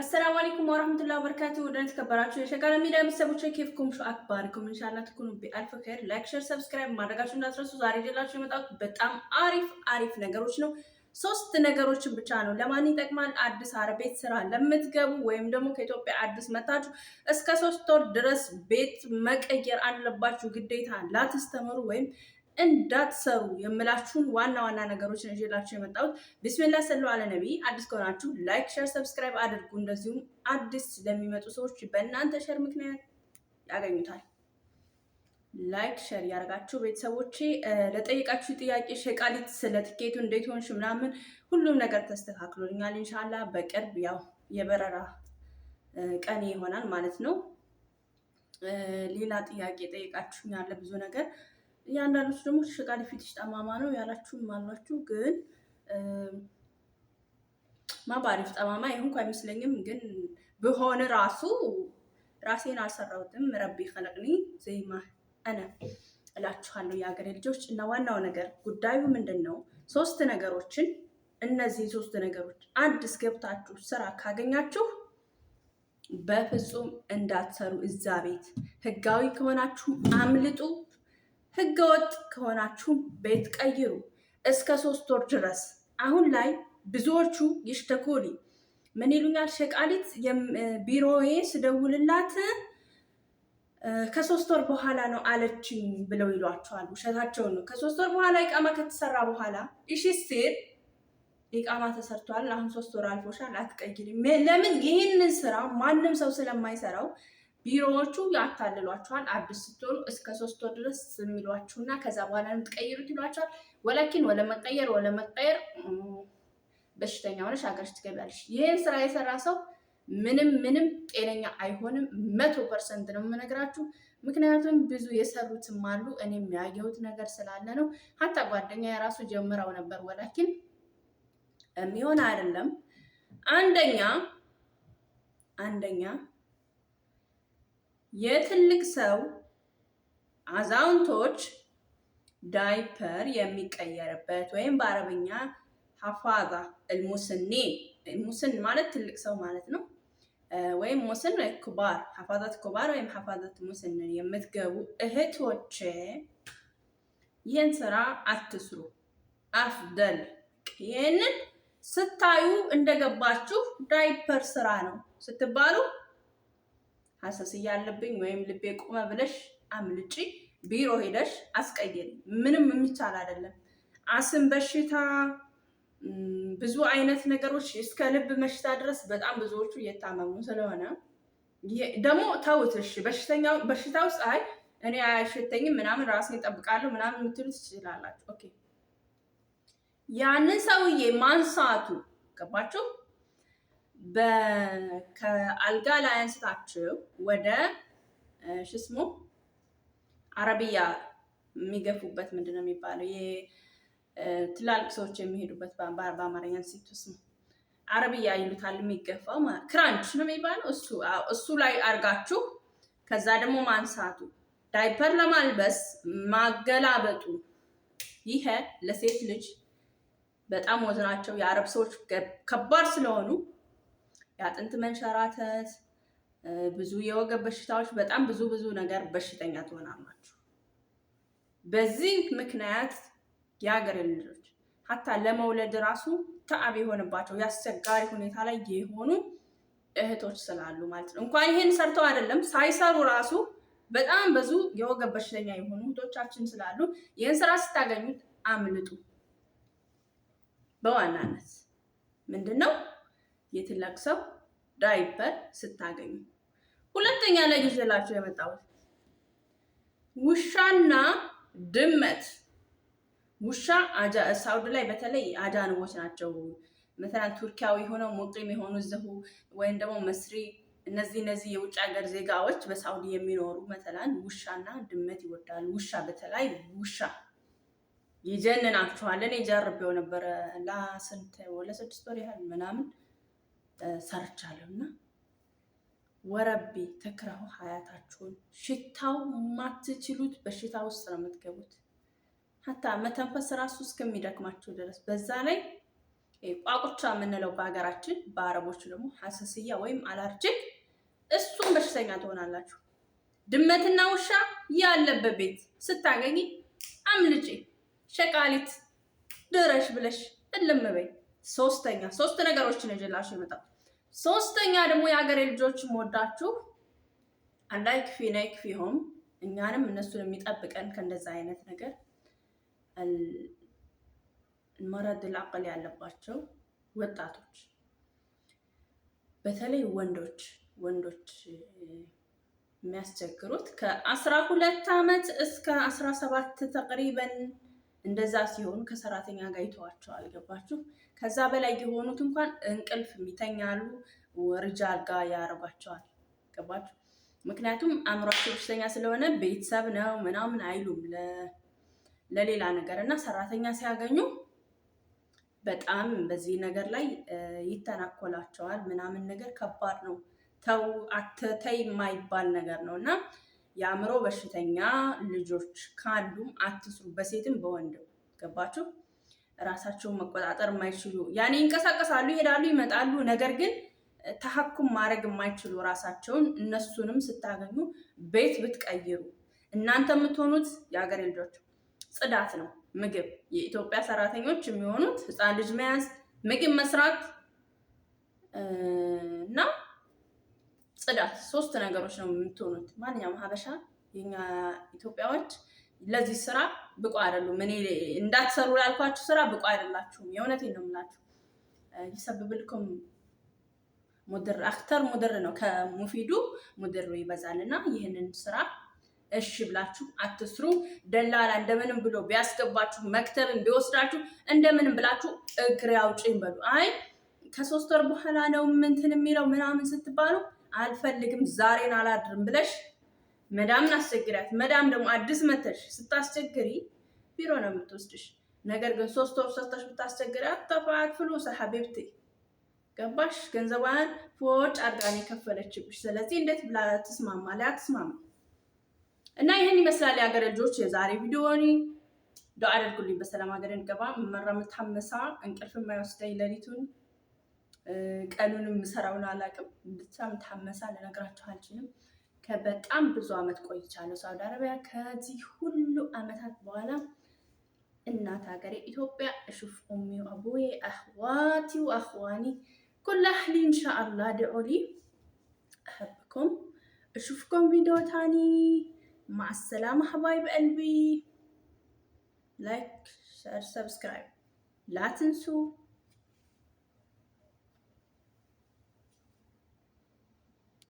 አሰላሙ አለይኩም ወራህመቱላሂ ወበረካቱ። ወደን ተከበራችሁ የሸጋራ ሚዲያ ቤተሰቦች ከፍኩም ሹ አክባርኩም ኢንሻአላህ ትኩኑ ቢአልፍ ኸይር። ላይክ፣ ሼር፣ ሰብስክራይብ ማድረጋችሁ እንዳትረሱ። ዛሬ ይዤላችሁ የመጣሁት በጣም አሪፍ አሪፍ ነገሮች ነው። ሶስት ነገሮችን ብቻ ነው። ለማን ይጠቅማል? አዲስ አረብ ቤት ስራ ለምትገቡ ወይም ደግሞ ከኢትዮጵያ አዲስ መታችሁ እስከ ሶስት ወር ድረስ ቤት መቀየር አለባችሁ ግዴታ ላትስተምሩ ወይም እንዳትሰሩ የምላችሁን ዋና ዋና ነገሮች ነው ይዤላችሁ የመጣሁት። ቢስሚላ ሰሉ አለ ነቢ። አዲስ ከሆናችሁ ላይክ፣ ሸር፣ ሰብስክራይብ አድርጉ። እንደዚሁም አዲስ ለሚመጡ ሰዎች በእናንተ ሸር ምክንያት ያገኙታል። ላይክ ሸር ያደርጋችሁ ቤተሰቦቼ። ለጠየቃችሁ ጥያቄ ሸቃሊት ስለ ትኬቱ እንዴት ሆንሽ ምናምን ሁሉም ነገር ተስተካክሎልኛል። ኢንሻላ በቅርብ ያው የበረራ ቀኔ ይሆናል ማለት ነው። ሌላ ጥያቄ ጠየቃችሁኝ ያለ ብዙ ነገር እያንዳንዱ ደግሞ ተሸቃሪ ፊትሽ ጠማማ ነው ያላችሁም አሏችሁ። ግን ማባሪፍ ጠማማ ይሁን እንኳ አይመስለኝም። ግን ብሆን ራሱ ራሴን አልሰራሁትም። ረቢ ከለቅኒ ዘይማ አነ እላችኋለሁ የሀገሬ ልጆች። እና ዋናው ነገር ጉዳዩ ምንድን ነው? ሶስት ነገሮችን እነዚህ ሶስት ነገሮች አዲስ ገብታችሁ ስራ ካገኛችሁ በፍጹም እንዳትሰሩ። እዛ ቤት ህጋዊ ከሆናችሁ አምልጡ። ህገወጥ ከሆናችሁ ቤት ቀይሩ እስከ ሶስት ወር ድረስ። አሁን ላይ ብዙዎቹ ይሽተኮሊ ምን ይሉኛል፣ ሸቃሊት ቢሮዬ ስደውልላት ከሶስት ወር በኋላ ነው አለችኝ ብለው ይሏቸዋል። ውሸታቸውን ነው። ከሶስት ወር በኋላ ኢቃማ ከተሰራ በኋላ እሺ ስትል ኢቃማ ተሰርቷል፣ አሁን ሶስት ወር አልፎሻል፣ አትቀይሪም። ለምን? ይህንን ስራ ማንም ሰው ስለማይሰራው ቢሮዎቹ ያታልሏችኋል። አዲስ ስትሆኑ እስከ ሶስት ወር ድረስ የሚሏችሁና ከዛ በኋላ የምትቀይሩት ይሏችኋል። መቀየር ወለመቀየር መቀየር በሽተኛ ሆነሽ ሀገርሽ ትገቢያለሽ። ይህን ስራ የሰራ ሰው ምንም ምንም ጤነኛ አይሆንም። መቶ ፐርሰንት ነው የምነግራችሁ። ምክንያቱም ብዙ የሰሩትም አሉ። እኔም ያየሁት ነገር ስላለ ነው። ሀታ ጓደኛ የራሱ ጀምረው ነበር። ወላኪን የሚሆን አይደለም። አንደኛ አንደኛ የትልቅ ሰው አዛውንቶች ዳይፐር የሚቀየርበት ወይም በአረብኛ ሀፋዛ እልሙስኔ ሙስን ማለት ትልቅ ሰው ማለት ነው። ወይም ሙስን ኩባር ሀፋዛት ኩባር ወይም ሀፋዛት ሙስን የምትገቡ እህቶች ይህን ስራ አትስሩ። አፍደል ይህንን ስታዩ እንደገባችሁ ዳይፐር ስራ ነው ስትባሉ ሀሰስ እያለብኝ ወይም ልቤ ቆመ ብለሽ አምልጪ ቢሮ ሄደሽ አስቀይሪ። ምንም የሚቻል አይደለም። አስም በሽታ ብዙ አይነት ነገሮች እስከ ልብ በሽታ ድረስ በጣም ብዙዎቹ እየታመሙ ስለሆነ ደግሞ ተውት። እሺ በሽታ ውስጥ አይ እኔ አያሸተኝም ምናምን ራሴን እጠብቃለሁ ምናምን የምትሉ ትችላላችሁ። ኦኬ ያንን ሰውዬ ማንሳቱ ገባችሁ? ከአልጋ ላይ አንስታችሁ ወደ ሽስሞ አረብያ የሚገፉበት ምንድን ነው የሚባለው? ትላልቅ ሰዎች የሚሄዱበት በአማርኛ ሴት ውስጥ አረብያ ይሉታል። የሚገፋው ክራንች ነው የሚባለው እሱ እሱ ላይ አርጋችሁ ከዛ ደግሞ ማንሳቱ ዳይፐር ለማልበስ ማገላበጡ ይሄ ለሴት ልጅ በጣም ወዝናቸው የአረብ ሰዎች ከባድ ስለሆኑ የአጥንት መንሸራተት፣ ብዙ የወገብ በሽታዎች፣ በጣም ብዙ ብዙ ነገር በሽተኛ ትሆናላችሁ። በዚህ ምክንያት የሀገር ልጆች ሀታ ለመውለድ ራሱ ተአብ የሆንባቸው የአስቸጋሪ ሁኔታ ላይ የሆኑ እህቶች ስላሉ ማለት ነው። እንኳን ይህን ሰርተው አይደለም ሳይሰሩ ራሱ በጣም ብዙ የወገብ በሽተኛ የሆኑ እህቶቻችን ስላሉ ይህን ስራ ስታገኙት አምልጡ። በዋናነት ምንድን ነው የትልቅ ሰው ዳይፐር ስታገኙ። ሁለተኛ ላይ ይዤላችሁ የመጣሁት ውሻና ድመት። ውሻ አጃ ሳውዲ ላይ በተለይ አጃንቦች ናቸው። መተና ቱርኪያዊ ሆነው ሙቂም የሆኑ እዚሁ ወይም ደግሞ መስሪ እነዚህ እነዚህ የውጭ ሀገር ዜጋዎች በሳውዲ የሚኖሩ መተላን ውሻና ድመት ይወዳሉ። ውሻ በተለይ ውሻ ይጀንናችኋል። እኔ ጀርቤው ነበረ ለስንት ለስድስት ወር ያህል ምናምን ሰርቻለሁ እና ወረቤ ተክረው ሀያታችሁን ሽታው ማትችሉት በሽታ ውስጥ ነው የምትገቡት። ሀታ መተንፈስ ራሱ እስከሚደክማቸው ድረስ። በዛ ላይ ቋቁቻ የምንለው በሀገራችን፣ በአረቦች ደግሞ ሀሰስያ ወይም አላርጅክ፣ እሱም በሽተኛ ትሆናላችሁ። ድመትና ውሻ ያለበት ቤት ስታገኝ አምልጪ፣ ሸቃሊት ድረሽ ብለሽ እልም በይ። ሶስተኛ ሶስት ነገሮች ነው ይዤላችሁ የመጣሁት ሶስተኛ ደግሞ የሀገሬ ልጆች ወዳችሁ አላህ ክፊ ነይ ክፊ ሆም እኛንም እነሱን የሚጠብቀን ከእንደዛ አይነት ነገር መረድ ላቀል ያለባቸው ወጣቶች በተለይ ወንዶች ወንዶች የሚያስቸግሩት ከአስራ ሁለት አመት እስከ አስራ ሰባት ተቅሪበን እንደዛ ሲሆኑ ከሰራተኛ ጋር ይተዋቸዋል። ገባችሁ? ከዛ በላይ የሆኑት እንኳን እንቅልፍ የሚተኛሉ ወርጃ አልጋ ያደርጓቸዋል። ገባችሁ? ምክንያቱም አእምሯቸው በሽተኛ ስለሆነ ቤተሰብ ነው ምናምን አይሉም ለሌላ ነገር እና ሰራተኛ ሲያገኙ በጣም በዚህ ነገር ላይ ይተናኮላቸዋል ምናምን ነገር ከባድ ነው። ተው አትተይ የማይባል ነገር ነው እና የአእምሮ በሽተኛ ልጆች ካሉም አትስሩ፣ በሴትም በወንድም ገባችሁ። ራሳቸውን መቆጣጠር የማይችሉ ያኔ ይንቀሳቀሳሉ፣ ይሄዳሉ፣ ይመጣሉ። ነገር ግን ተሐኩም ማድረግ የማይችሉ ራሳቸውን እነሱንም ስታገኙ ቤት ብትቀይሩ እናንተ የምትሆኑት የሀገሬ ልጆች ጽዳት ነው። ምግብ የኢትዮጵያ ሰራተኞች የሚሆኑት ህፃን ልጅ መያዝ፣ ምግብ መስራት እና ጽዳት፣ ሶስት ነገሮች ነው የምትሆኑት። ማንኛውም ሀበሻ የኛ ኢትዮጵያዎች ለዚህ ስራ ብቁ አይደሉም። እኔ እንዳትሰሩ ላልኳችሁ ስራ ብቁ አይደላችሁም። የእውነት ነው የምላችሁ። ይሰብብልኩም ሙድር አክተር ሙድር ነው ከሙፊዱ ሙድር ይበዛል እና ይህንን ስራ እሺ ብላችሁ አትስሩ። ደላላ እንደምንም ብሎ ቢያስገባችሁ መክተብን ቢወስዳችሁ እንደምንም ብላችሁ እግሬ አውጪኝ በሉ። አይ ከሶስት ወር በኋላ ነው ምንትን የሚለው ምናምን ስትባሉ አልፈልግም፣ ዛሬን አላድርም ብለሽ መዳምን አስቸግሪያት። መዳም ደግሞ አዲስ መተሽ ስታስቸግሪ ቢሮ ነው የምትወስድሽ። ነገር ግን ሶስት ወር ሶስታሽ ብታስቸግሪያት ተፋክፍሉ ሰሐቢብቲ ገባሽ? ገንዘቧን ፎጭ አድጋን የከፈለችብሽ። ስለዚህ እንዴት ብላ ትስማማ ላይ አትስማማ። እና ይህን ይመስላል የሀገር ልጆች የዛሬ ቪዲዮኒ ዶ አድርጉልኝ። በሰላም ሀገር እንገባ መራ ምታመሳ እንቅልፍ የማይወስደኝ ለሊቱን ቀኑንም ስራውን አላውቅም። ብቻም ታመሳ ልነግራችሁ አልችልም። ከበጣም ብዙ አመት ቆይቻለሁ ሳውዲ አረቢያ። ከዚህ ሁሉ አመታት በኋላ እናት ሀገሬ ኢትዮጵያ እሹፍ ኡሚ አቡዬ አህዋቲ ወአህዋኒ ኩል አህሊ ኢንሻአላ ድዑሊ አሕብኩም እሹፍኩም ቪዲዮ ታኒ ማዕሰላማ ሀባይ በቀልቢ ላይክ ሸር ሰብስክራይብ ላትንሱ